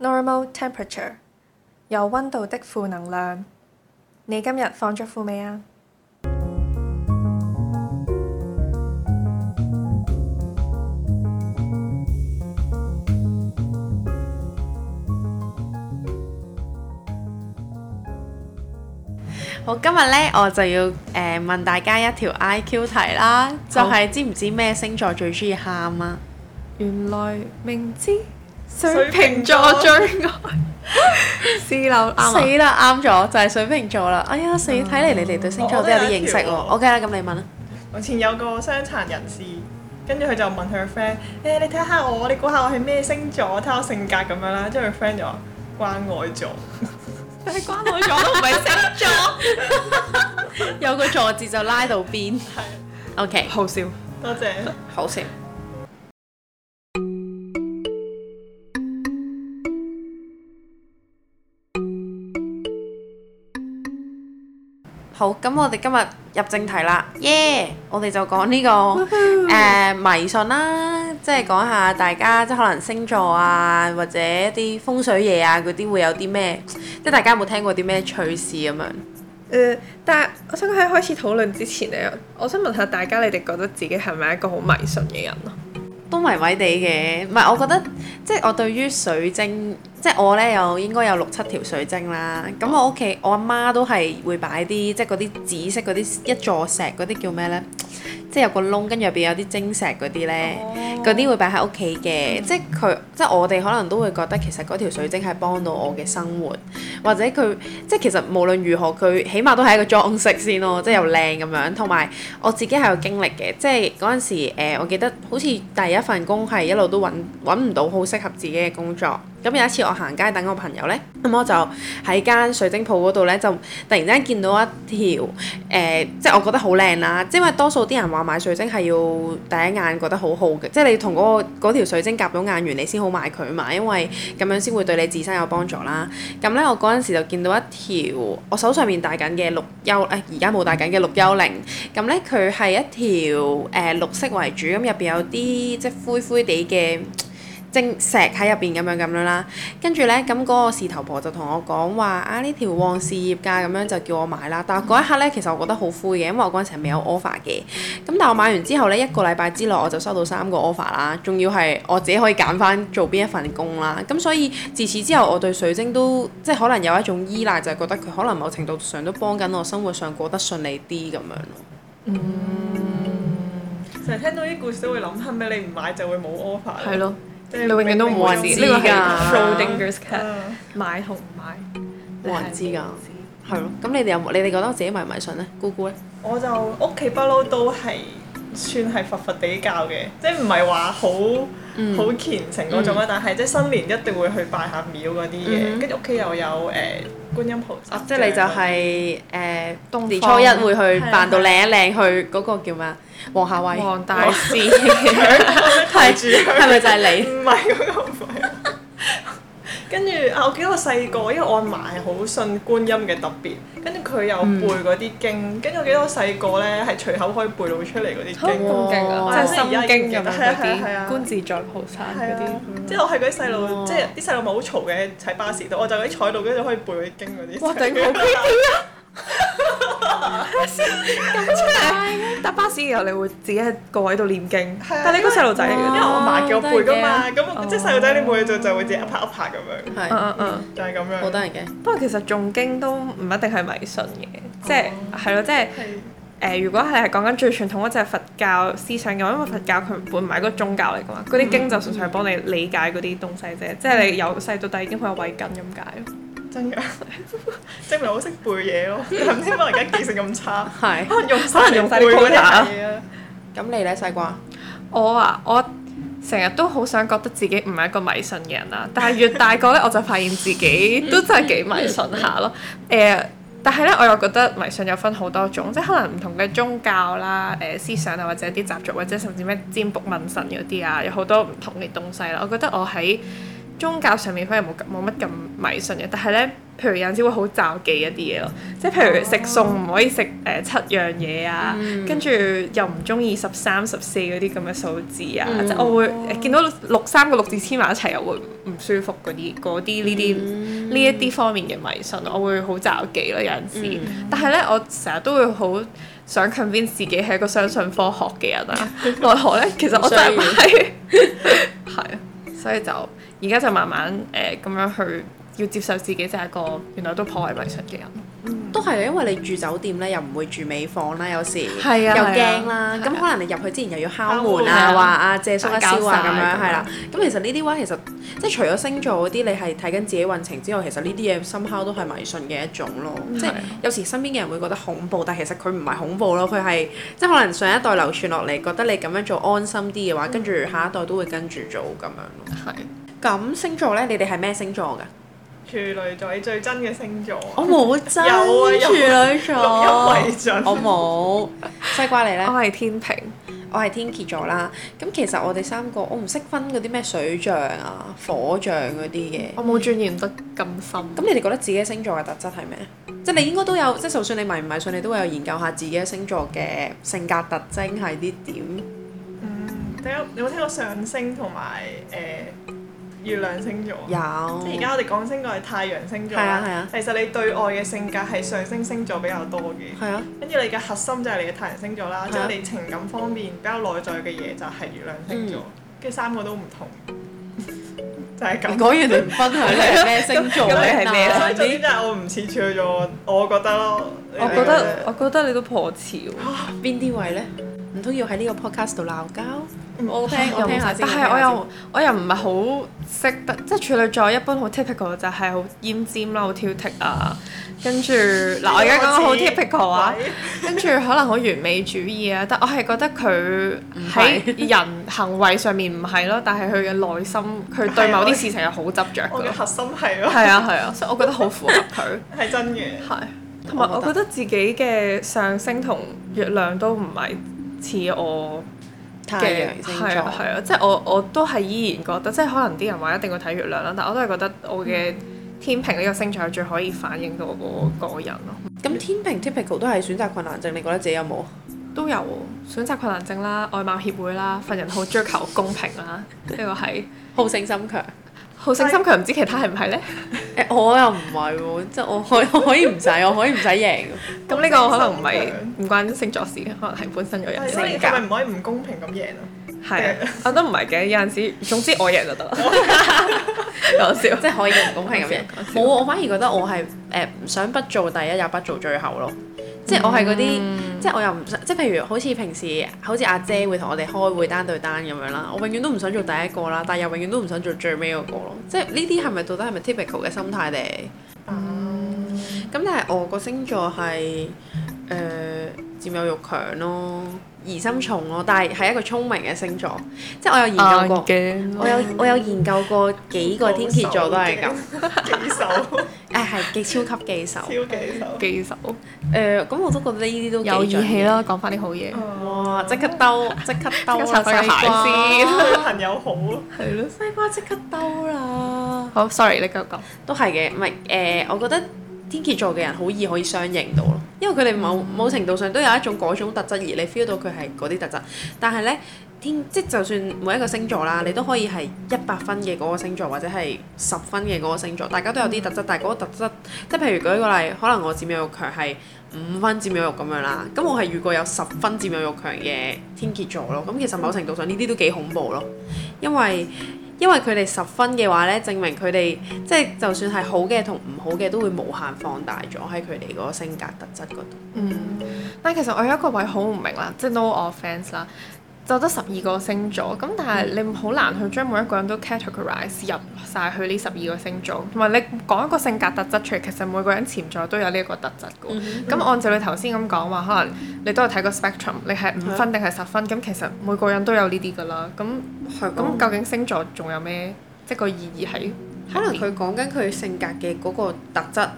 Normal temperature，有溫度的負能量。你今日放咗負未啊？好，今日咧我就要誒、呃、問大家一條 IQ 題啦，就係、是、好知唔知咩星座最中意喊啊？原來明知。水瓶座最愛，四樓死啦，啱咗就係水瓶座啦。哎呀，死！睇嚟你哋對星座都有啲認識喎。OK 啦，咁你問啦。我前有個傷殘人士，跟住佢就問佢個 friend，誒，你睇下我，你估下我係咩星座？睇下我性格咁樣啦。之後佢 friend 就話，關愛座。但係關愛座都唔係星座，有個座字就拉到邊。OK，好笑。多謝。好笑。好，咁我哋今日入正題啦，耶！Yeah! 我哋就講呢、這個誒 Woo hoo!、呃、迷信啦，即係講下大家即係可能星座啊，或者一啲風水嘢啊嗰啲會有啲咩，即係大家有冇聽過啲咩趣事咁樣、呃？但係我想喺開始討論之前咧，我想問下大家，你哋覺得自己係咪一個好迷信嘅人咯？都迷迷地嘅，唔係我覺得，即係我對於水晶，即係我呢有應該有六七條水晶啦。咁我屋企，我阿媽都係會擺啲，即係嗰啲紫色嗰啲一座石嗰啲，叫咩呢？即係有個窿，跟住入邊有啲晶石嗰啲咧，嗰啲、oh. 會擺喺屋企嘅。即係佢，即係我哋可能都會覺得其實嗰條水晶係幫到我嘅生活，或者佢即係其實無論如何，佢起碼都係一個裝飾先咯。即係又靚咁樣，同埋我自己係有經歷嘅。即係嗰陣時、呃，我記得好似第一份工係一路都揾揾唔到好適合自己嘅工作。咁有一次我行街等我朋友咧，咁我就喺間水晶鋪嗰度咧，就突然間見到一條誒、呃，即係我覺得好靚啦。即係因為多數啲人話買水晶係要第一眼覺得好好嘅，即係你同嗰、嗰個條水晶夾到眼緣，你先好買佢嘛。因為咁樣先會對你自身有幫助啦。咁咧，我嗰陣時就見到一條我手上面戴緊嘅綠幽，誒而家冇戴緊嘅綠幽靈。咁咧，佢係一條誒、呃、綠色為主，咁入邊有啲即係灰灰哋嘅。正石喺入邊咁樣咁樣啦，跟住呢，咁嗰個事頭婆就同我講，話啊呢條旺事業架，咁樣就叫我買啦。但係嗰一刻呢，其實我覺得好灰嘅，因為我嗰陣時未有 offer 嘅。咁但係我買完之後呢，一個禮拜之內我就收到三個 offer 啦，仲要係我自己可以揀翻做邊一份工啦。咁、啊嗯、所以自此之後，我對水晶都即係可能有一種依賴，就係、是、覺得佢可能某程度上都幫緊我生活上過得順利啲咁樣咯。嗯，成日聽到啲故事都會諗，係咩？你唔買就會冇 offer。係咯。你永遠都冇人知㗎，明明明買同唔買，冇人知㗎，係咯、嗯。咁的你哋有冇？你哋覺得自己迷唔迷信咧？姑姑咧？我就屋企不嬲都係算係佛佛地教嘅，即係唔係話好。好、mm hmm. 虔誠嗰種啊，但係即係新年一定會去拜下廟嗰啲嘢，跟住屋企又有誒、呃、觀音菩薩、啊、即係你就係誒冬至年初一會去扮到靚一靚對去嗰個叫咩啊？黃夏蕙，黃大仙係咪？係咪去 就係你？唔係我，唔係。跟住啊，我記得我細個，因為我阿嫲係好信觀音嘅特別，跟住佢有背嗰啲經，跟住、嗯、我記得我細個咧係隨口可以背到出嚟嗰啲經，哦、哇真係心經咁點觀自在菩薩嗰啲，啊嗯、即係我係嗰啲細路，嗯、即係啲細路咪好嘈嘅喺巴士度，我就喺坐度跟住可以背啲經嗰啲。哇！頂好經 咁正，搭巴士嘅時候你會自己喺個位度念經，但你嗰細路仔，因為我媽叫我背噶嘛，咁即細路仔你冇嘢做就會自己一拍一拍咁樣。係，就係咁樣。好得人驚，不過其實仲經都唔一定係迷信嘅，即係係咯，即係誒，如果係講緊最傳統嗰隻佛教思想嘅話，因為佛教佢唔係一個宗教嚟噶嘛，嗰啲經就純粹係幫你理解嗰啲東西啫，即係你由細到大已經好有慧根咁解。真證明好識背嘢咯！唔知可能而家記性咁差， 可能用曬啲。咁你咧細個？ 我啊，我成日都好想覺得自己唔係一個迷信嘅人啦，但係越大個咧，我就發現自己都真係幾迷信下咯。誒、呃，但係咧，我又覺得迷信有分好多種，即係可能唔同嘅宗教啦、誒、呃、思想啊，或者啲習俗，或者甚至咩占卜問神嗰啲啊，有好多唔同嘅東西啦。我覺得我喺宗教上面反而冇冇乜咁迷信嘅，但係咧，譬如有陣時會好棹忌一啲嘢咯，即係譬如食餸唔可以食誒七樣嘢啊，跟、嗯、住又唔中意十三十四嗰啲咁嘅數字啊，即係、嗯、我會見到六三個六字黐埋一齊又會唔舒服嗰啲嗰啲呢啲呢一啲方面嘅迷信，我會好棹忌咯有陣時，嗯、但係咧我成日都會好想 convince 自己係一個相信科學嘅人啊。奈 何咧其實我真係唔係。 所以就而家就慢慢誒咁樣，呃，去要接受自己，就係一個原來都頗為迷信嘅人。都係，因為你住酒店咧，又唔會住尾房啦，有時、啊、又驚啦。咁、啊、可能你入去之前又要敲門啊，話阿、啊啊、借宿一宵啊咁樣，係啦。咁其實呢啲話其實即係除咗星座嗰啲，你係睇緊自己運程之外，其實呢啲嘢深敲都係迷信嘅一種咯。啊、即係有時身邊嘅人會覺得恐怖，但係其實佢唔係恐怖咯，佢係即係可能上一代流傳落嚟，覺得你咁樣做安心啲嘅話，跟住、嗯、下一代都會跟住做咁樣咯。係、啊。咁星座咧，你哋係咩星座㗎？處女座，你最真嘅星座。我冇真 有。有啊 有。處女座。我冇。西瓜你咧？我係天秤，我係天蠍座啦。咁其實我哋三個，我唔識分嗰啲咩水象啊、火象嗰啲嘅。我冇鑽研得咁深。咁你哋覺得自己嘅星座嘅特質係咩？ 即係你應該都有，即係就算你迷唔迷信，你都會有研究下自己嘅星座嘅性格特徵係啲點。嗯。你有，你有冇聽過上升同埋誒？呃月亮星座有，即而家我哋講星座係太陽星座啦。係啊，係啊。其實你對外嘅性格係上升星座比較多嘅。係啊，跟住你嘅核心就係你嘅太陽星座啦。即係你情感方面比較內在嘅嘢就係月亮星座，跟住三個都唔同，就係咁。講完你唔分享你係咩星座咧？係咩？星座？總之，但係我唔似處女座？我覺得咯。我覺得我覺得你都破潮。喎。邊啲位呢？唔通要喺呢個 podcast 度鬧交？Okay, 我聽，我聽下先。但係我又 我又唔係好識得， 即係處女座一般好 typical 就係好奄尖啦，好挑剔啊。跟住嗱， 我而家講緊好 typical 啊。 對 跟住可能好完美主義啊，但我係覺得佢喺 人行為上面唔係咯，但係佢嘅內心佢 對某啲事情係好執着嘅。 我嘅核心係。係啊係啊，所以我覺得好符合佢。係真嘅。係，同埋我覺得自己嘅上升同月亮都唔係似我。嘅係啊係啊，即係我我都係依然覺得，即係可能啲人話一定要睇月亮啦，但我都係覺得我嘅天平呢個星座最可以反映到我個個人咯。咁、嗯、天平 typical 都係選擇困難症，你覺得自己有冇？都有選擇困難症啦，外貌協會啦，份人好追求公平啦，呢 個係 好勝心強。好勝心，佢唔知其他係唔係咧？誒，我又唔係喎，即係我可我可以唔使，我可以唔使贏。咁呢個可能唔係唔關星座事嘅，可能係本身個人性格。係咪唔可以唔公平咁贏啊？係，我都唔係嘅。有陣時，總之我贏就得啦。講笑，即係可以唔公平咁贏。冇，我反而覺得我係誒唔想不做第一也不做最後咯，即係我係嗰啲。即係我又唔想，即係譬如好似平時，好似阿姐會同我哋開會單對單咁樣啦，我永遠都唔想做第一個啦，但係又永遠都唔想做最尾嗰個咯。即係呢啲係咪到底係咪 typical 嘅心態咧？咁、嗯、但係我個星座係。誒、呃、佔有慾強咯，疑心重咯，但係係一個聰明嘅星座， 即係我有研究過，啊、我有我有研究過幾個天蠍座都係咁記仇誒係記超級記仇，記仇誒咁我都覺得呢啲都有義氣啦。講翻啲好嘢、啊、哇！即刻兜，即刻兜啊！ 先。對朋友好係咯， 西瓜即刻兜啦！ 好，sorry 你繼續講都係嘅，唔係誒，我覺得天蠍座嘅人好易可以相認到咯。因為佢哋某某程度上都有一種嗰種特質而你 feel 到佢係嗰啲特質，但係呢，天即就算每一個星座啦，你都可以係一百分嘅嗰個星座或者係十分嘅嗰個星座，大家都有啲特質，但係嗰個特質即係譬如舉個例，可能我佔有慾強係五分佔有慾咁樣啦，咁我係遇過有十分佔有慾強嘅天蠍座咯，咁其實某程度上呢啲都幾恐怖咯，因為。因為佢哋十分嘅話咧，證明佢哋即係就算係好嘅同唔好嘅，都會無限放大咗喺佢哋嗰個性格特質嗰度。嗯，但其實我有一個位好唔明啦，即係 no offence 啦、啊。就得十二個星座咁，但係你好難去將每一個人都 categorize 入晒去呢十二個星座，同埋你講一個性格特質出嚟，其實每個人潛在都有呢一個特質噶。咁、嗯、按照你頭先咁講話，可能你都係睇個 spectrum，你係五分定係十分，咁的其實每個人都有呢啲噶啦。咁係咁究竟星座仲有咩？即個意義喺？可能佢講緊佢性格嘅嗰個特質。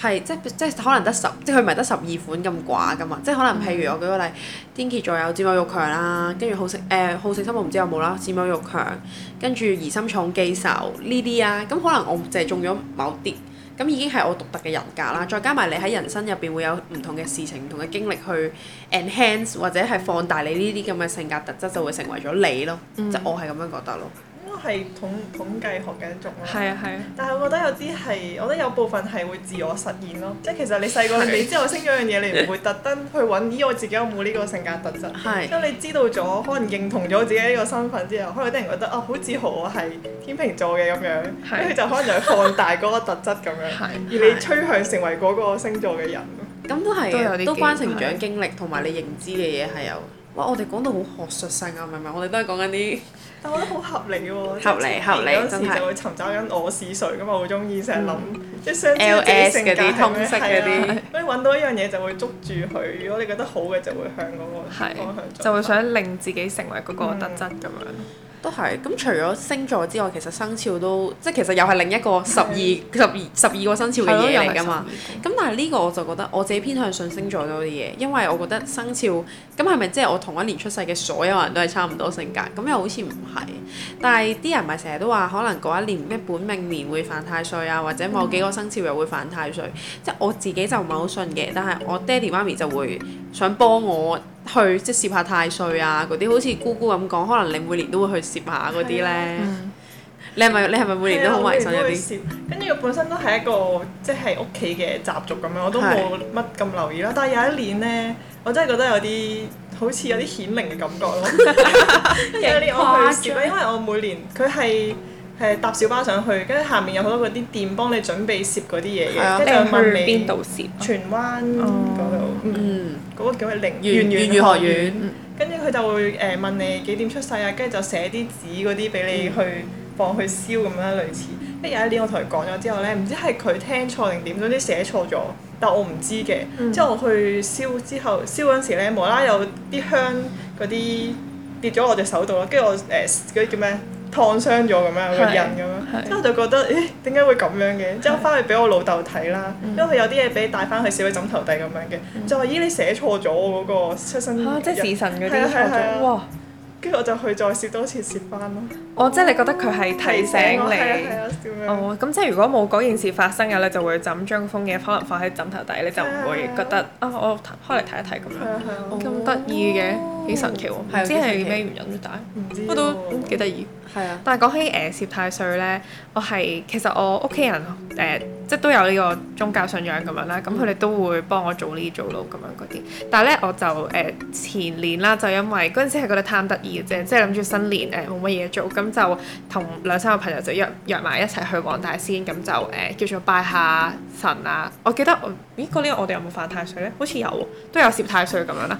係，即係即係可能得十，即係佢唔係得十二款咁寡噶嘛，即係可能譬如我舉個例，嗯、天蠍座有佔有慾強啦、啊，跟住好色誒、呃、好色心我唔知有冇啦，佔有慾強，跟住疑心重、記仇呢啲啊，咁可能我淨係中咗某啲，咁已經係我獨特嘅人格啦，再加埋你喺人生入邊會有唔同嘅事情、唔同嘅經歷去 enhance 或者係放大你呢啲咁嘅性格特質，就會成為咗你咯，嗯、即係我係咁樣覺得咯。係統統計學嘅一種咯。係啊係啊。啊但係我覺得有啲係，我覺得有部分係會自我實現咯。即係其實你細個的你知我升咗樣嘢，你唔會特登去揾咦我自己有冇呢個性格特質。係的。因為你知道咗，可能認同咗自己呢個身份之後，可能啲人覺得哦，好、啊、自豪我係天秤座嘅咁樣，跟住的就可能就放大嗰個特質咁樣。 的而你趨向成為嗰個星座嘅人。咁都係，都有都關成長經歷同埋你認知嘅嘢係有。哇！我哋講到好學術性啊，明唔明，我哋都係講緊啲。但我覺得好合理喎、哦，合理。嗰時合理就會尋找緊我是誰，咁我好中意成日諗，即係想知自己性格特色嗰啲，跟住揾到一樣嘢就會捉住佢。如果你覺得好嘅，就會向嗰個方向，就會想令自己成為嗰個特質咁樣。都係，咁除咗星座之外，其實生肖都即係其實又係另一個十二對、十二、十二個生肖嘅嘢嚟㗎嘛。咁但係呢個我就覺得我自己偏向信星座多啲嘢，因為我覺得生肖咁係咪即係我同一年出世嘅所有人都係差唔多性格？咁又好似唔係。但係啲人咪成日都話，可能嗰一年咩本命年會犯太歲啊，或者某幾個生肖又會犯太歲。嗯、即係我自己就唔係好信嘅，但係我爹哋媽咪就會想幫我。去即係攝下太歲啊嗰啲，好似姑姑咁講，可能你每年都會去攝下嗰啲咧。你係咪你係咪每年都好迷信啲？跟住佢本身都係一個即係屋企嘅習俗咁樣，我都冇乜咁留意啦。但係有一年咧，我真係覺得有啲好似有啲顯靈嘅感覺咯。有啲我去攝，因為我，我每年佢係係搭小巴上去，跟住下面有好多嗰啲店幫你準備攝嗰啲嘢嘅。即係你去邊度攝？荃灣嗰度。嗯，嗰個叫咩靈園園學院，跟住佢就會誒問你幾點出世啊，跟住就寫啲紙嗰啲俾你去放去燒咁樣、嗯、類似。有一年我同佢講咗之後咧，唔知係佢聽錯定點，總之寫錯咗，但我唔知嘅。嗯、之後我去燒之後燒嗰時咧，無啦啦有啲香嗰啲跌咗我隻手度咯，跟住我誒嗰啲叫咩燙傷咗咁樣個印咁樣。之後就覺得，誒點解會咁樣嘅？之後翻去俾我老豆睇啦，因為佢有啲嘢俾你帶翻去小喺枕頭底咁樣嘅，就話咦你寫錯咗嗰個出生年。嚇！即時辰嗰啲錯咗哇！跟住我就去再寫多次寫翻咯。哦，即係你覺得佢係提醒你。哦，咁即係如果冇嗰件事發生嘅咧，就會枕咁將封嘢可能放喺枕頭底，你就唔會覺得啊！我開嚟睇一睇咁樣。係啊咁得意嘅，幾神奇喎！唔知係咩原因，但係都幾得意。係啊， 但係講起誒攝、呃、太歲咧，我係其實我屋企人誒、呃、即係都有呢個宗教信仰咁樣啦，咁佢哋都會幫我做呢做嗰咁樣嗰啲。但係咧我就誒、呃、前年啦，就、啊、因為嗰陣時係覺得貪得意嘅啫，即係諗住新年誒冇乜嘢做，咁就同兩三個朋友就約約埋一齊去黃大仙，咁、嗯、就誒、呃、叫做拜下神啊。我記得我咦嗰年我哋有冇犯太歲咧？好似有、哦、都有攝太歲咁樣啦。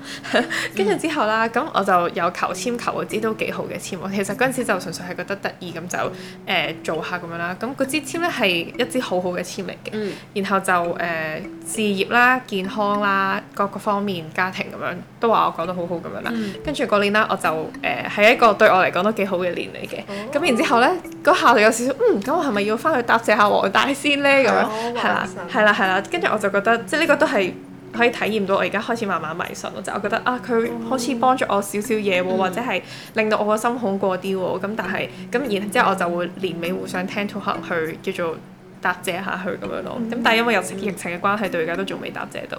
跟 住之後啦，咁、啊嗯、我就有求籤求，求嗰啲都幾好嘅籤喎。其實嗰陣時就純粹。 就係覺得得意咁就誒、呃、做下咁樣啦，咁嗰支籤咧係一支好好嘅籤嚟嘅，嗯、然後就誒事、呃、業啦、健康啦、各個方面、家庭咁樣都話我講得好好咁樣啦，嗯、跟住過年啦我就誒係、呃、一個對我嚟講都幾好嘅年嚟嘅，咁、哦、然之後咧嗰下就有少少，嗯咁我係咪要翻去答謝下黃大仙咧？咁樣，係啦係啦係啦，跟住辰我就覺得即係呢個都係。可以體驗到我而家開始慢慢迷信咯，即、就、係、是、我覺得啊，佢好似幫咗我少少嘢喎，oh. 或者係令到我個心好過啲喎。咁、嗯、但係咁然之後我就會年尾互相聽 to 客去叫做，答謝下去咁樣咯，咁但係因為有疫情、嗯、疫情嘅關係，到而家都仲未答謝到。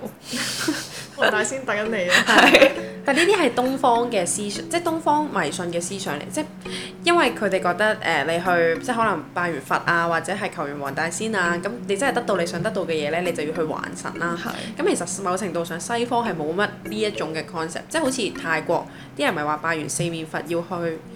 黃大仙等緊你啊！係， 對 但呢啲係東方嘅思想，即係東方迷信嘅思想嚟，即係因為佢哋覺得誒、呃，你去即係可能拜完佛啊，或者係求完黃大仙啊，咁你真係得到你想得到嘅嘢咧，你就要去還神啦。係。咁其實某程度上，西方係冇乜呢一種嘅 concept，即係好似泰國啲人咪話拜完四面佛要去。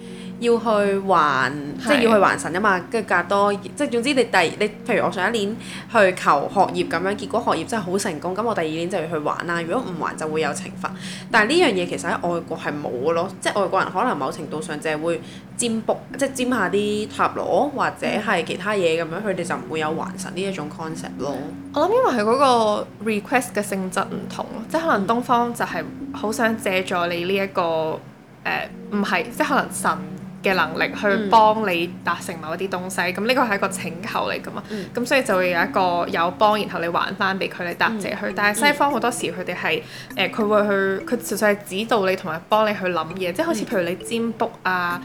嗯要去還，即係要去還神啊嘛！跟住隔多，即係總之你第你，譬如我上一年去求學業咁樣，結果學業真係好成功。咁我第二年就要去還啦。如果唔還就會有懲罰。但係呢樣嘢其實喺外國係冇咯，即係外國人可能某程度上就係會占卜，即係佔下啲塔羅或者係其他嘢咁樣，佢哋就唔會有還神呢一種 concept 咯。我諗因為佢嗰個 request 嘅性質唔同咯，即係可能東方就係好想借助你呢一個誒唔係，即係可能神。嘅能力去幫你達成某一啲東西，咁呢個係一個請求嚟噶嘛，咁所以就會有一個有幫，然後你還翻俾佢，你答謝佢。但係西方好多時佢哋係誒，佢會去，佢純粹係指導你同埋幫你去諗嘢，即係好似譬如你占卜啊，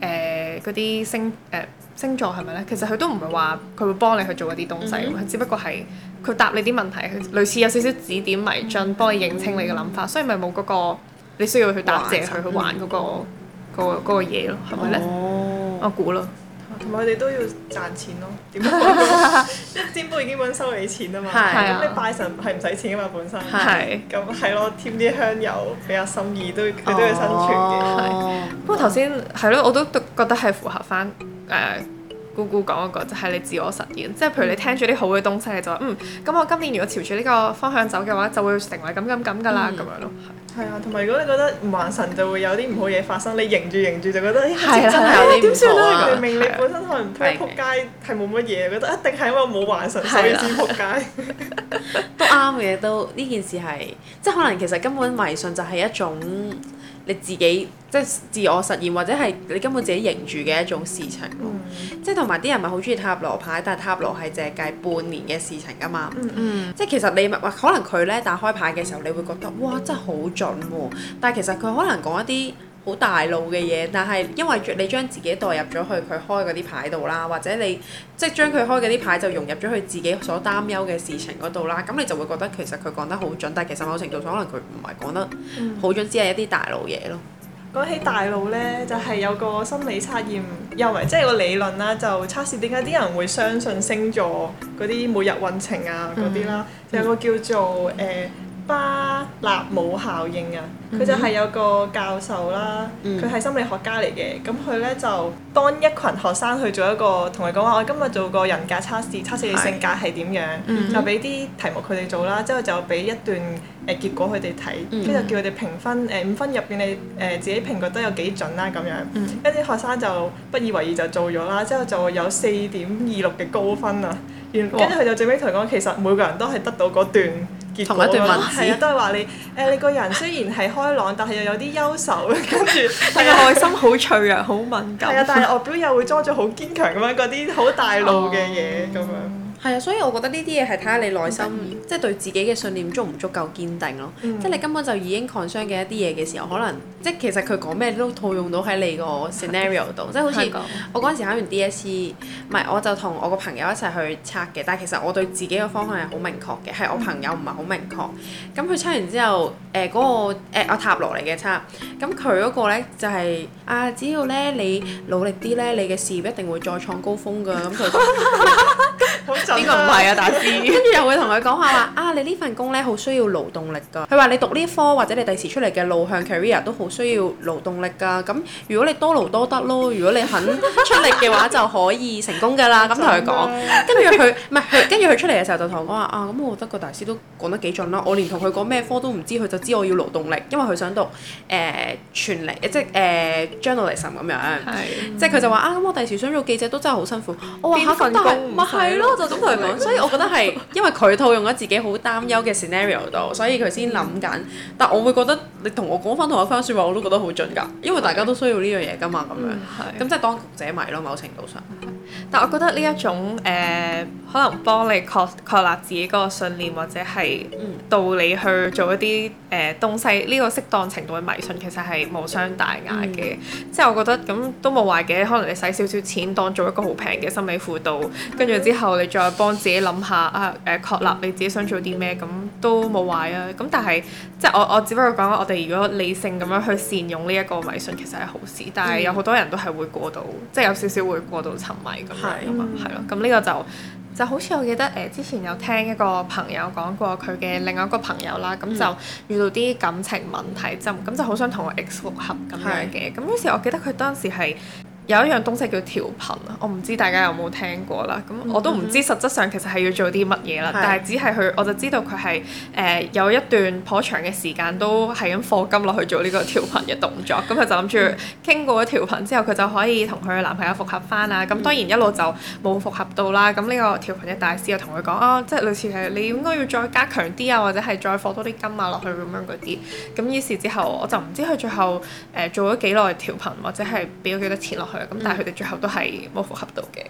誒嗰啲星誒星座係咪咧？其實佢都唔係話佢會幫你去做一啲東西，佢只不過係佢答你啲問題，佢類似有少少指點迷津，幫你認清你嘅諗法，所以咪冇嗰個你需要去答謝佢，去還嗰個。個嗰個嘢咯，係咪咧？哦、我估咯。同埋佢哋都要賺錢咯。點講都，一 尖波已經揾收你錢啊嘛。係 啊。你拜神係唔使錢噶嘛，本身、 啊。係。咁係咯，添啲香油比較心意，都佢都要生存嘅。不過頭先係咯，我都覺得係符合翻誒、呃、姑姑講嗰個，就係、是、你自我實現。即係、嗯、譬如你聽住啲好嘅東西，你就話嗯，咁我今年如果朝住呢個方向走嘅話，就會成為咁咁咁㗎啦，咁、嗯、樣咯。係啊，同埋如果你覺得唔還神就會有啲唔好嘢發生，你迎住迎住就覺得，係啦係啦，點算咧、啊？明明你本身的可能真係仆街，係冇乜嘢，覺得一定係因為冇還神。的所以先仆街。的 都啱嘅，都呢件事係，即係可能其實根本迷信就係一種。你自己即係自我實現，或者係你根本自己認住嘅一種事情咯。嗯、即係同埋啲人咪好中意塔羅牌，但係塔羅係淨係計半年嘅事情㗎嘛。嗯、即係其實你咪話可能佢咧打開牌嘅時候，你會覺得哇，真係好準喎，但係其實佢可能講一啲。好大路嘅嘢，但係因為你將自己代入咗去佢開嗰啲牌度啦，或者你即係將佢開嗰啲牌就融入咗佢自己所擔憂嘅事情嗰度啦，咁你就會覺得其實佢講得好準，但係其實某程度上可能佢唔係講得好準，嗯、只係一啲大路嘢咯。講起大路呢，就係、是、有個心理測驗，又唔係即係個理論啦，就測試點解啲人會相信星座嗰啲每日運程啊嗰啲啦，嗯、有個叫做誒，呃巴納姆效應啊，佢、嗯、哼就係有個教授啦，佢係、嗯、心理學家嚟嘅，咁佢咧就當一群學生去做一個，同佢講話，我今日做個人格測試，測試你性格係點樣，嗯、哼就俾啲題目佢哋做啦，之後就俾一段誒結果佢哋睇，跟住、嗯、哼就叫佢哋評分誒、呃、五分入邊你誒、呃、自己評覺得有幾準啦、啊、咁樣，跟住、嗯、學生就不以為意就做咗啦，之後就有四點二六嘅高分啊，跟住佢就最尾同佢講，其實每個人都係得到嗰段。同埋段文字，啊，都係話你，誒、呃、你個人雖然係開朗， 但係又有啲憂愁， 跟住係啊，內 心好脆弱，好敏感，係啊， 但係外表又會裝作好堅強咁樣嗰啲好大路嘅嘢咁樣。係啊、嗯，所以我覺得呢啲嘢係睇下你內心，即係、嗯嗯嗯、對自己嘅信念足唔足夠堅定咯。即係你根本就已經 concern 嘅一啲嘢嘅時候，可能即係其實佢講咩都套用到喺你個 scenario 度 上 ssä，即係好似我嗰陣時考完 DSE，唔係我就同我個朋友一齊去測嘅。但係其實我對自己嘅方向係好明確嘅，係我朋友唔係好明確。咁佢測完之後，誒、呃、嗰、那個我、呃啊、塔羅嚟嘅測，咁佢嗰個咧就係、是、啊，只要咧你努力啲咧，你嘅事業一定會再創高峰㗎。咁佢好邊個唔係啊，大師？跟 住又會同佢講下話啊，你呢份工咧好需要勞動力㗎。佢話你讀呢科或者你第時出嚟嘅路向 career 都好需要勞動力㗎。咁如果你多勞多得咯，如果你肯出力嘅話就可以成功㗎啦。咁同佢講，跟住佢唔係佢，跟住佢出嚟嘅時候就同我講話啊，咁我覺得個大師都講得幾準啦。我連同佢講咩科都唔知，佢就知我要勞動力，因為佢想讀誒、呃、傳理，即係誒、呃、journalism 咁樣。 即係佢就話啊，咁我第時想做記者都真係好辛苦。我話下份工咪係咯，就 所以我覺得係因為佢套用咗自己好擔憂嘅 scenario 度，所以佢先諗緊。但我會覺得你同我講翻同一番說話，我都覺得好準㗎。因為大家都需要呢樣嘢㗎嘛，咁樣。咁、嗯、即係當局者迷咯，某程度上。嗯、但我覺得呢一種誒、呃，可能幫你確確，確立自己個信念或者係道理去做一啲誒、呃、東西，呢、這個適當程度嘅迷信其實係無傷大雅嘅。嗯、即係我覺得咁都冇壞嘅，可能你使少少錢當做一個好平嘅心理輔導，跟住之後你再。幫自己諗下啊，誒、呃、確立你自己想做啲咩，咁都冇壞啊。咁但係即係我我只不過講，我哋如果理性咁樣去善用呢一個迷信，其實係好事。但係有好多人都係會過度，嗯、即係有少少會過度沉迷咁、嗯、樣啊嘛，係咯。咁呢個就就好似我記得誒、呃、之前有聽一個朋友講過，佢嘅另外一個朋友啦，咁就遇到啲感情問題，嗯、就咁就好想同我 ex 復合咁樣嘅。咁是於是，我記得佢當時係。有一樣東西叫調頻啊，我唔知大家有冇聽過啦。咁我都唔知實質上其實係要做啲乜嘢啦，嗯、哼但係只係佢我就知道佢係誒有一段頗長嘅時間都係咁課金落去做呢個調頻嘅動作。咁佢、嗯、哼就諗住經過咗調頻之後，佢就可以同佢嘅男朋友復合翻啊。咁當然一路就冇復合到啦。咁呢個調頻嘅大師又同佢講啊，即係類似係你應該要再加強啲啊，或者係再課多啲金啊落去咁樣嗰啲。咁於是之後我就唔知佢最後誒、呃、做咗幾耐調頻或者係俾咗幾多錢落去。咁，嗯、但係佢哋最後都係冇符合到嘅，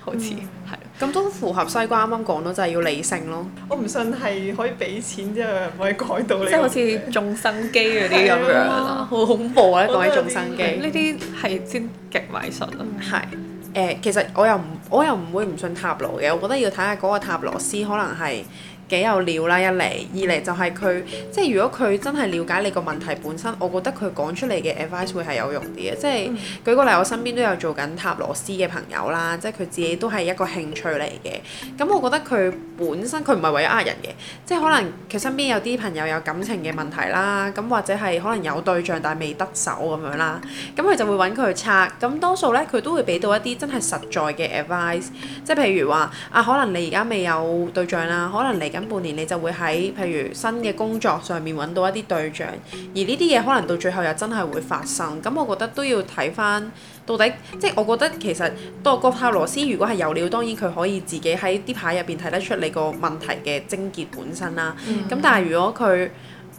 好似係。咁、嗯、對都符合西瓜啱啱講咯，就係、是、要理性咯。我唔信係可以俾錢之後唔可以改到你。你。即係好似重生機嗰啲咁樣，嗎好恐怖啊！講起重生機，呢啲係先極迷信咯。係誒、嗯呃，其實我又唔，我又唔會唔信塔羅嘅。我覺得要睇下嗰個塔羅師，可能係。幾有料啦，一嚟，二嚟就係佢，即係如果佢真係了解你個問題本身，我覺得佢講出嚟嘅 advice 會係有用啲嘅。即係、嗯、舉個例，我身邊都有做緊塔羅師嘅朋友啦，即係佢自己都係一個興趣嚟嘅。咁我覺得佢本身佢唔係為咗呃人嘅，即係可能佢身邊有啲朋友有感情嘅問題啦，咁或者係可能有對象但係未得手咁樣啦，咁佢就會揾佢去拆。咁多數呢，佢都會俾到一啲真係實在嘅 advice，即係譬如話啊，可能你而家未有對象啦，可能你。咁半年你就會喺譬如新嘅工作上面揾到一啲對象，而呢啲嘢可能到最後又真係會發生。咁我覺得都要睇翻到底，即係我覺得其實個塔羅師如果係有料，當然佢可以自己喺啲牌入邊睇得出你個問題嘅症結本身啦。咁、mm hmm. 但係如果佢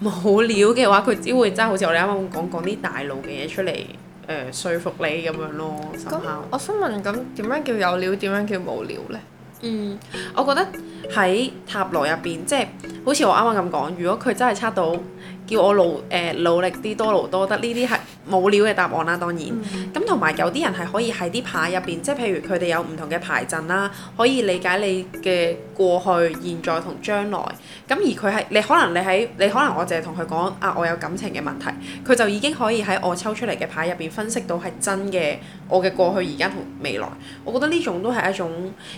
冇料嘅話，佢只會真係好似我哋啱啱講講啲大路嘅嘢出嚟誒、呃，說服你咁樣咯。那後我想問，咁點樣，樣叫有料？點樣叫冇料呢？嗯，我覺得喺塔羅入邊，即係好似我啱啱咁講，如果佢真係測到。叫我努誒、呃、努力啲多勞多得呢啲係冇料嘅答案啦，當然咁，同埋有啲人係可以喺啲牌入邊，即係譬如佢哋有唔同嘅牌陣啦，可以理解你嘅過去、現在同將來，咁而佢係你可能你喺你可能我淨係同佢講啊，我有感情嘅問題，佢就已經可以喺我抽出嚟嘅牌入邊分析到係真嘅我嘅過去、而家同未來，我覺得呢種都係一種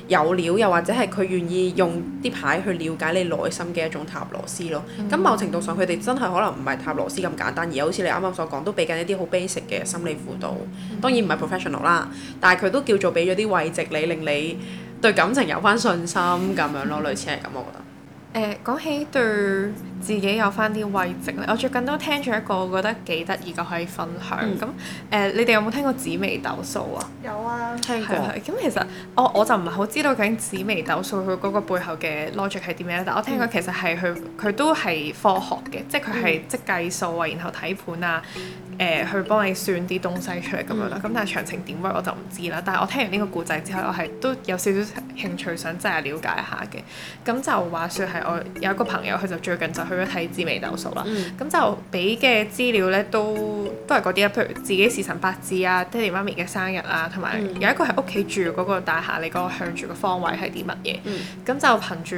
有料，又或者係佢願意用啲牌去了解你內心嘅一種塔羅師咯。咁、嗯、某程度上佢哋真係。可。可能唔係塔羅斯咁簡單，而好似你啱啱所講，都俾緊一啲好 basic 嘅心理輔導。Mm hmm. 當然唔係 professional 啦，但係佢都叫做俾咗啲慰藉你，令你對感情有翻信心咁樣咯， 類似係咁，我覺得。誒、呃，講起對。自己有翻啲慰藉咧。我最近都聽咗一個，我覺得幾得意嘅可以分享。咁誒、嗯呃，你哋有冇聽過紫微斗數啊？有啊。係係的。咁過其實我我就唔係好知道究竟紫微斗數佢嗰個背後嘅 logic 係點樣，但我聽過其實係佢佢都係科學嘅，即係佢係即係計數啊，然後睇盤啊，誒、呃、去幫你算啲東西出嚟咁樣啦。咁、嗯、但係詳情點樣我就唔知啦。但係我聽完呢個故仔之後，我係都有少少興趣想真係了解下嘅。咁就話說係我有一個朋友，佢就最近就～去咗睇紫微斗數啦，咁、嗯、就俾嘅資料咧都都係嗰啲啦，譬如自己時辰八字啊、爹哋媽咪嘅生日啊，同埋有，有一個喺屋企住嗰個大廈，你嗰個向住嘅方位係啲乜嘢，咁、嗯、就憑住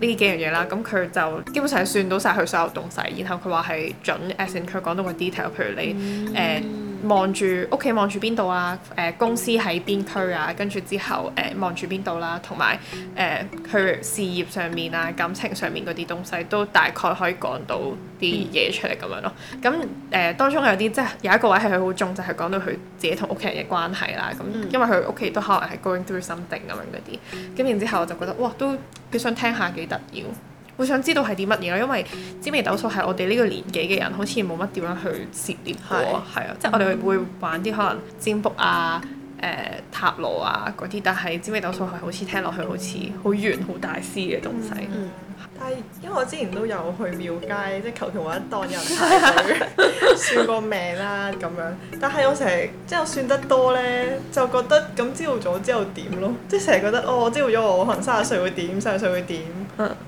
呢幾樣嘢啦，咁佢就基本上算到晒佢所有東西，然後佢話係準、嗯，as in 佢講到個 detail，譬如你誒，嗯呃望住屋企望住邊度啊？誒、呃、公司喺邊區啊？跟住之後誒望住邊度啦？同埋誒佢事業上面啊、感情上面嗰啲東西都大概可以講到啲嘢出嚟咁樣咯。咁誒、嗯呃、當中有啲即係有一個位係佢好重，就係、是、講到佢自己同屋企人嘅關係啦。咁、嗯、因為佢屋企都可能係 going through something 咁、like、樣嗰啲。咁然之後我就覺得哇，都幾想聽下幾得意。好想知道係啲乜嘢咯，因為紫微斗數係我哋呢個年紀嘅人，好似冇乜點樣去涉獵過，係啊的，即係我哋會玩啲可能占卜啊、誒、呃、塔羅啊嗰啲，但係紫微斗數係好似聽落去好似好玄、好大師嘅東西。嗯、但係因為我之前都有去廟街，即係求其或者一檔人 算個命啦、啊、咁樣。但係我成日即係算得多咧，就覺得咁知道咗之後點咯，即係成日覺得哦，我知道咗我可能卅歲會點，卅歲會點。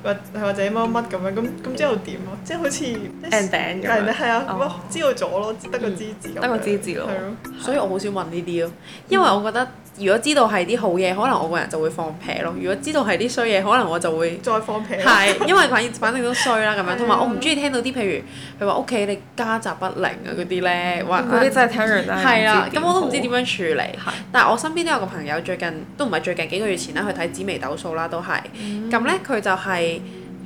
或或者乜乜咁樣，咁咁之後點咯？即係好似頂頂嘅係啊，知道咗咯，得個知字，得個知字咯。所以我好少問呢啲咯，因為我覺得如果知道係啲好嘢，可能我個人就會放屁咯；如果知道係啲衰嘢，可能我就會再放屁。係，因為反正都衰啦咁樣。同埋我唔中意聽到啲譬如佢話屋企你家宅不寧啊嗰啲咧，嗰啲、嗯、真係聽完都係唔知啦、嗯，咁我都唔知點樣處理。但係我身邊都有個朋友最近都唔係最近幾個月前啦，去睇紫微斗數啦，嗯、都係咁咧，佢就。係。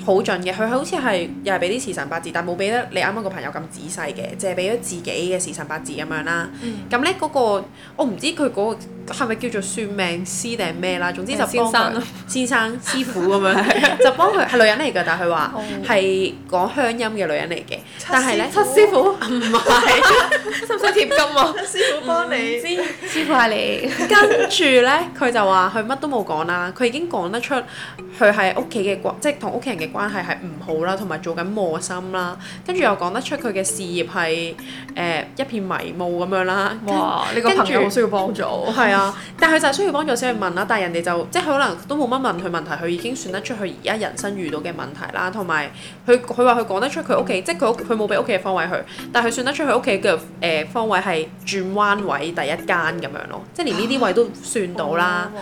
好準嘅，佢好似係又係俾啲時辰八字，但係冇俾得你啱啱個朋友咁仔細嘅，淨係俾咗自己嘅時辰八字咁樣啦。咁咧嗰個我唔知佢嗰個係咪叫做算命師定係咩啦？總之就幫緊先生師傅咁樣就幫佢係女人嚟㗎，但係佢話係講鄉音嘅女人嚟嘅。但係咧，七師傅唔係使唔使貼金啊？師傅幫你，師傅係你。跟住咧，佢就話佢乜都冇講啦。佢已經講得出佢係屋企嘅，即係同屋企人嘅關係係唔好啦，同埋做緊磨心啦，跟住又講得出佢嘅事業係誒、呃、一片迷霧咁樣啦。哇！你跟個朋友好著需要幫助。係 啊，但佢就係需要幫助先去問啦。但係人哋就即係佢可能都冇乜問佢問題，佢已經算得出佢而家人生遇到嘅問題啦。同埋佢佢話佢講得出佢屋企，即係佢佢冇俾屋企嘅方位去，但係佢算得出佢屋企嘅誒方位係轉彎位第一間咁樣咯。即係連呢啲位都算到啦。啊、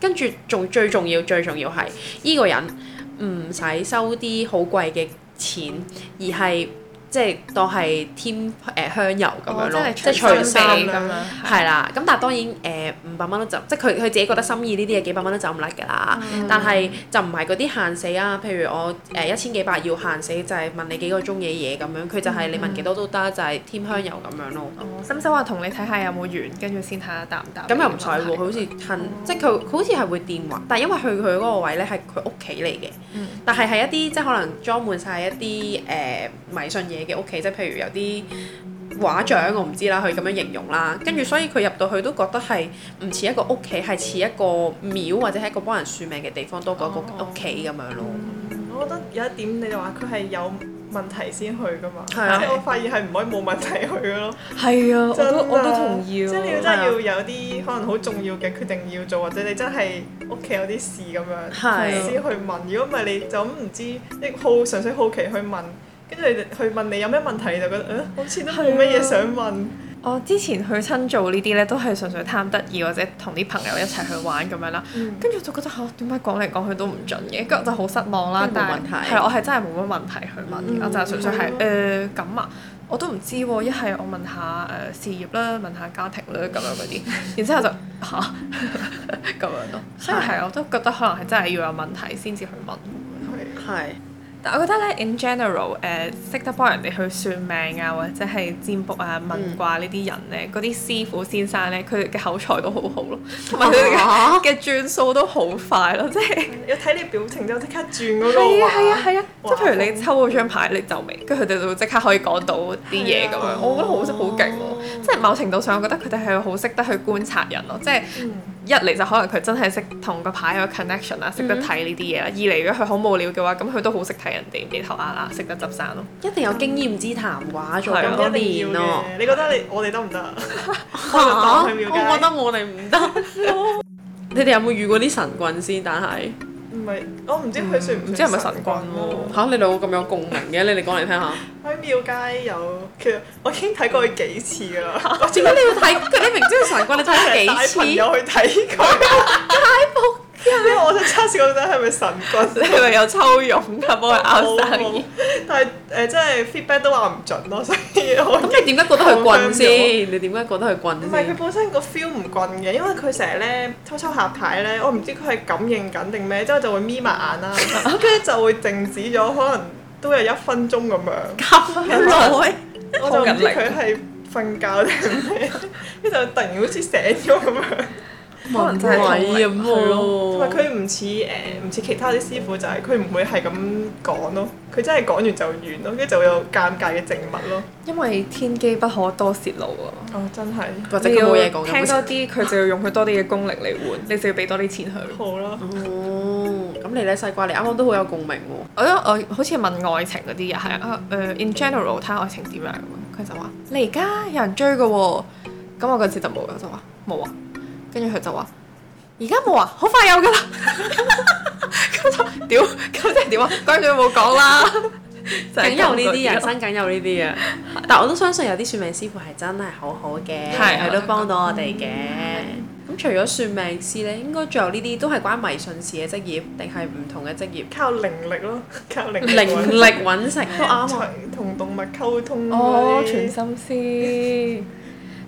跟住仲最重要最重要係呢、呢個人。唔使收啲好貴嘅錢，而係，即係當係添誒香油咁樣咯，即係除味咁樣，係啦。咁但係當然誒五百蚊都走，即係佢佢自己覺得心意呢啲嘢幾百蚊都走唔甩㗎啦。但係就唔係嗰啲限死啊，譬如我誒一千幾百要限死就係問你幾個鐘嘢嘢咁樣，佢就係你問幾多都得，就係添香油咁樣咯。使唔使話同你睇下有冇緣，跟住先睇下答唔答？咁又唔使喎，佢好似限，即係佢好似係會電話，但係因為去佢嗰個位咧係佢屋企嚟嘅，但係係一啲即係可能裝滿晒一啲誒迷信嘢。嘅屋企，即係譬如有啲畫像，我唔知啦，佢咁樣形容啦，跟住所以佢入到去都覺得係唔似一個屋企，係似一個廟或者係一個幫人算命嘅地方多過一個屋企咁樣咯、嗯。我覺得有一點，你就話佢係有問題先去噶嘛，啊、即係我發現係唔可以冇問題去咯。係啊，的我都我都同意、啊。即係你要真係要有啲可能好重要嘅決定要做，啊、或者你真係屋企有啲事咁樣先、啊、去問。如果唔係你就唔知，你好純粹好奇去問。跟住去問你有咩問題你就覺得，誒、嗯、好似都冇咩嘢想問、啊。我之前去親做呢啲咧，都係純粹貪得意或者同啲朋友一齊去玩咁樣啦。跟住就覺得嚇，點解講嚟講去都唔準嘅？跟住就好失望啦。問題，但係係我係真係冇乜問題去問，嗯、我就純粹係誒咁啊，我都唔知喎。一係我問下誒事業啦，問下家庭啦咁樣嗰啲，然之後就嚇咁 哈 樣咯。所以係我都覺得可能係真係要有問題先至去問。係。對我覺得咧，in general，誒、呃、識得幫人哋去算命啊，或者係占卜啊、問卦呢啲人咧，嗰啲、嗯、師傅先生咧，佢哋嘅口才都好好咯，同埋佢哋嘅轉數都好快咯，即係、啊、 要睇你表情就即刻轉㗎喇。係啊係啊係啊！即係譬如你抽到張牌，你就明，跟住佢哋就即刻可以講到啲嘢咁樣，啊、我覺得好識好勁。即係某程度上，我覺得佢哋係好識得去觀察人咯。即係一嚟就可能佢真係識同個牌有 connection 啊，識、嗯、得睇呢啲嘢啦。二嚟如果佢好無聊嘅話，咁佢都好識睇人哋幾頭阿阿，識得執生咯。一定有經驗之談啩？做咗咁多年咯，對你覺得你我哋得唔得？我覺得我哋唔得。 你哋有冇遇過啲神棍先？但係。唔係，我唔、 哦、知佢算唔、嗯、知係咪神棍咯吓！你兩個咁有共鳴嘅， 你哋講嚟聽下。喺廟街有，其實我已經睇過佢幾次㗎啦。我點解你要睇佢？你明知佢神棍， 你睇咗幾次？有去睇佢。大爆！ 因為我想測試嗰仔係咪神棍， 你係咪有抽傭㗎，幫佢熬生意？但係誒、呃，真係 feedback 都話唔準咯，所以咁你點解覺得佢棍先？ 你點解覺得佢棍先？唔係佢本身個 feel 唔棍嘅，因為佢成日咧抽抽下牌咧，我唔知佢係感應緊定咩，之後就會眯埋眼啦，跟住 就會靜止咗，可能都有一分鐘咁樣。急啊！我就唔知佢係瞓覺定咩，跟住就突然好似醒咗咁樣。可能就係咁咯，同埋佢唔似誒，唔似、啊呃、其他啲師傅就係佢唔會係咁講咯，佢真係講完就完咯，跟住就有尷尬嘅靜物咯。因為天機不可多泄露啊！哦，真係。或者佢冇嘢講。聽多啲佢就要用佢多啲嘅功力嚟換， 你就要俾多啲錢佢。好啦吧。哦，咁你咧西瓜你啱啱都好有共鳴喎、啊。 我覺得我好似問愛情嗰啲又係啊誒、呃、，in general 睇下愛情點樣？佢就話：你而家有人追噶喎。咁我嗰時就冇，就話冇啊。那跟住佢就話：而家冇啊，好快有噶啦！咁就屌，咁即係點啊？當佢冇講啦。梗有呢啲人生，梗有呢啲啊！但我都相信有啲算命師傅係真係好好嘅，係都幫到我哋嘅。咁除咗算命師咧，應該仲有呢啲都係關迷信事嘅職業，定係唔同嘅職業？靠靈力咯，靠靈力揾食都啱，同動物溝通哦，傳心師，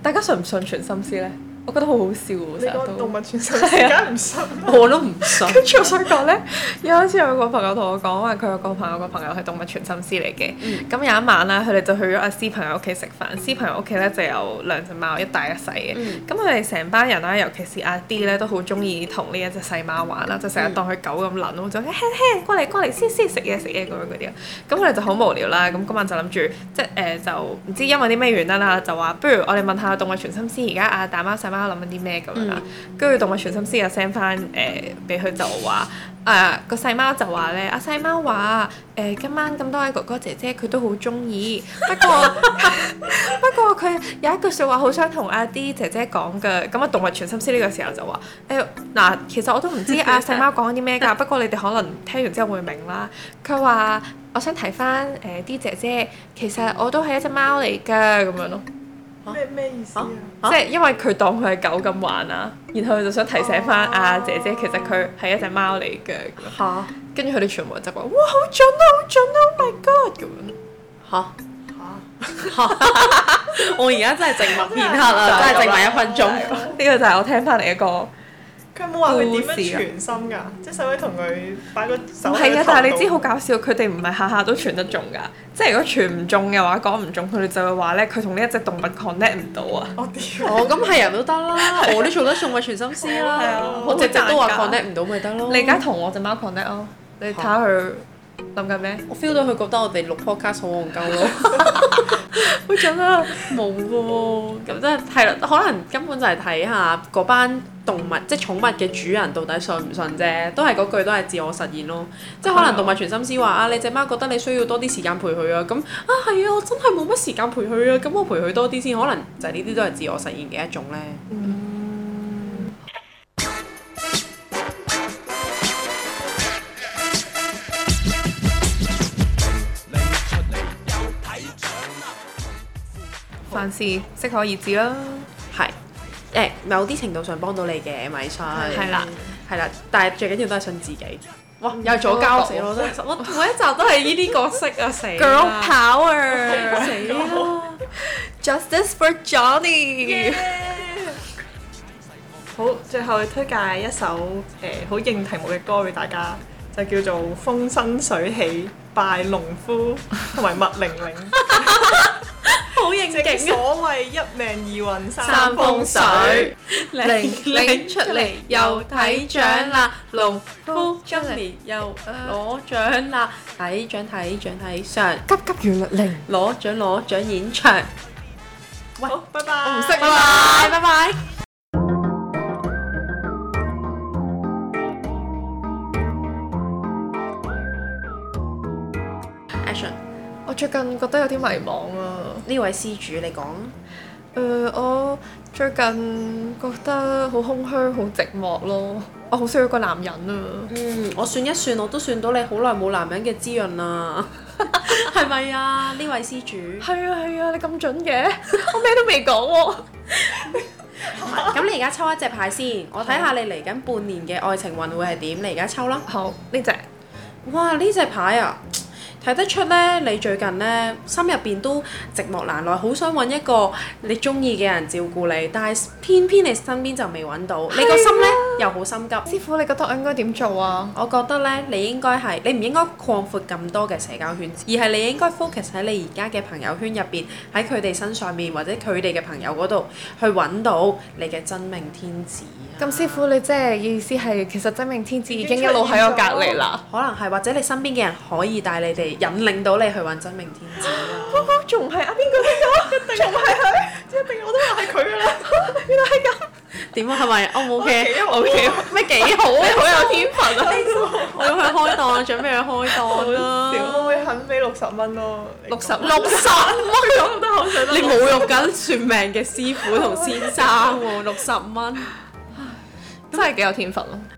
大家信唔信傳心師呢？我覺得好好笑喎！成日都係啊，我都唔信。跟住我想講咧，有一次有一個朋友同我講話，佢有個朋友個朋友係動物傳心師嚟嘅。咁、嗯嗯、有一晚啦，佢哋就去咗阿師朋友屋企食飯。師朋友屋企咧就有兩隻貓，一大一細嘅。咁佢哋成班人啦，尤其是阿 D 咧，都好中意同呢一隻細貓玩啦、嗯，就成日當佢狗咁撚咯，就嘿嘿，過嚟過嚟，師師食嘢食嘢咁樣嗰啲咁佢哋就好無聊啦。咁、那、今、個、晚就諗住，即係誒、呃、就唔知因為啲咩原因啦，就話不如我哋問,問下動物傳心師。而家阿大貓細貓。貓諗緊啲咩咁樣？跟住、嗯、動物傳心師又 send 翻誒俾佢，呃、就話誒個細貓就話咧，阿細貓話誒今晚咁多位哥哥姐姐佢都好中意，不過 不過佢有一句説話好想同阿啲姐姐講嘅，咁啊動物傳心師呢個時候就話誒嗱，其實我都唔知阿細貓講啲咩㗎， 不過你哋可能聽完之後會明啦。佢話我想提翻誒啲姐姐，其實我都係一隻貓嚟㗎，咁樣咯。咩咩意思？啊啊、即係因為佢當佢係狗咁玩啊，然後佢就想提醒翻啊姐姐，其實佢係一隻貓嚟嘅。吓、啊！跟住佢哋全部就話：哇，好準啊，好準啊！Oh my god！咁吓吓吓！我而家真係靜默片刻啦， 真係靜埋一分鐘。呢 個就係我聽翻嚟一個。佢冇話點樣傳心㗎，即係稍微同佢擺個手。唔係啊，但係你知好搞笑，佢哋唔係下下都傳得中㗎，即係如果傳唔中嘅話，講唔中，佢哋就會話咧，佢同呢一隻動物 connect 唔到、哦、啊。我屌！哦，咁係人都得啦， 我都做得動物傳心師啦， 我隻隻都話 connect 唔到咪得咯。你而家同我隻貓 connect 咯，你睇下佢。諗緊咩？我 feel 到佢覺得我哋錄 podcast 好戇鳩咯，好準啊！冇喎、啊，咁真係係啦，可能根本就係睇下嗰班動物即係寵物嘅主人到底信唔信啫，都係嗰句都係自我實現咯，即係可能動物傳心師話 啊，你隻貓覺得你需要多啲時間陪佢啊，咁啊係啊，我真係冇乜時間陪佢啊，咁我陪佢多啲先，可能就係呢啲都係自我實現嘅一種咧。嗯還是適可而止啦，係誒，某啲程度上幫到你嘅迷信，係啦，係啦，但係最緊要都係信自己。哇！又左膠死我，我每一集都係呢啲角色啊，死啦！Girl Power，死啦！Justice for Johnny。好，最後推介一首誒好應題目嘅歌俾大家，就叫做《風生水起》。拜農夫同埋麥玲玲。好。所謂一命二運三風水，拎拎出嚟又睇獎啦，農夫今年又攞獎啦，睇獎睇獎睇相，急急如律令攞獎攞獎演唱，喂，好，拜拜，我唔識，拜拜，拜拜。Action，我最近覺得有啲迷茫啊。呢位施主，你講。誒，我最近覺得好空虛，好寂寞咯。我好需要個男人啊。嗯，我算一算，我都算到你好耐冇男人嘅滋潤啦。係咪 啊？呢 位施主。係 啊，係啊，你咁準嘅， 我咩都未講喎。咁、 啊、你而家抽一隻牌先，我睇下你嚟緊半年嘅愛情運會係點。你而家抽啦。好，呢隻。哇，呢隻牌啊！睇得出咧，你最近咧心入邊都寂寞難耐，好想揾一個你中意嘅人照顧你，但係偏偏你身邊就未揾到，的你個心咧～又好心急，師傅你覺得我應該點做啊？我覺得呢，你應該係你唔應該擴闊咁多嘅社交圈子，而係你應該 focus 喺你而家嘅朋友圈入邊，喺佢哋身上面或者佢哋嘅朋友嗰度去揾到你嘅真命天子啊！咁、嗯、師傅你即係意思係，其實真命天子已經一路喺我隔離啦？可能係，或者你身邊嘅人可以帶你哋引領到你去揾真命天子、啊。嗰、啊啊、個仲係阿邊個一定，仲係佢？ 一定我都話係佢噶啦，原來係咁。 點啊？係咪 O 唔 O K？咩幾好啊？ 好，啊 你好有天分啊！ 我要去開檔、啊，準備去開檔啦、啊。點會 肯俾六十蚊咯？六十六十蚊我都好想。元 你侮辱緊算命嘅師傅同先生喎，六十蚊元 真係幾有天分咯、啊、～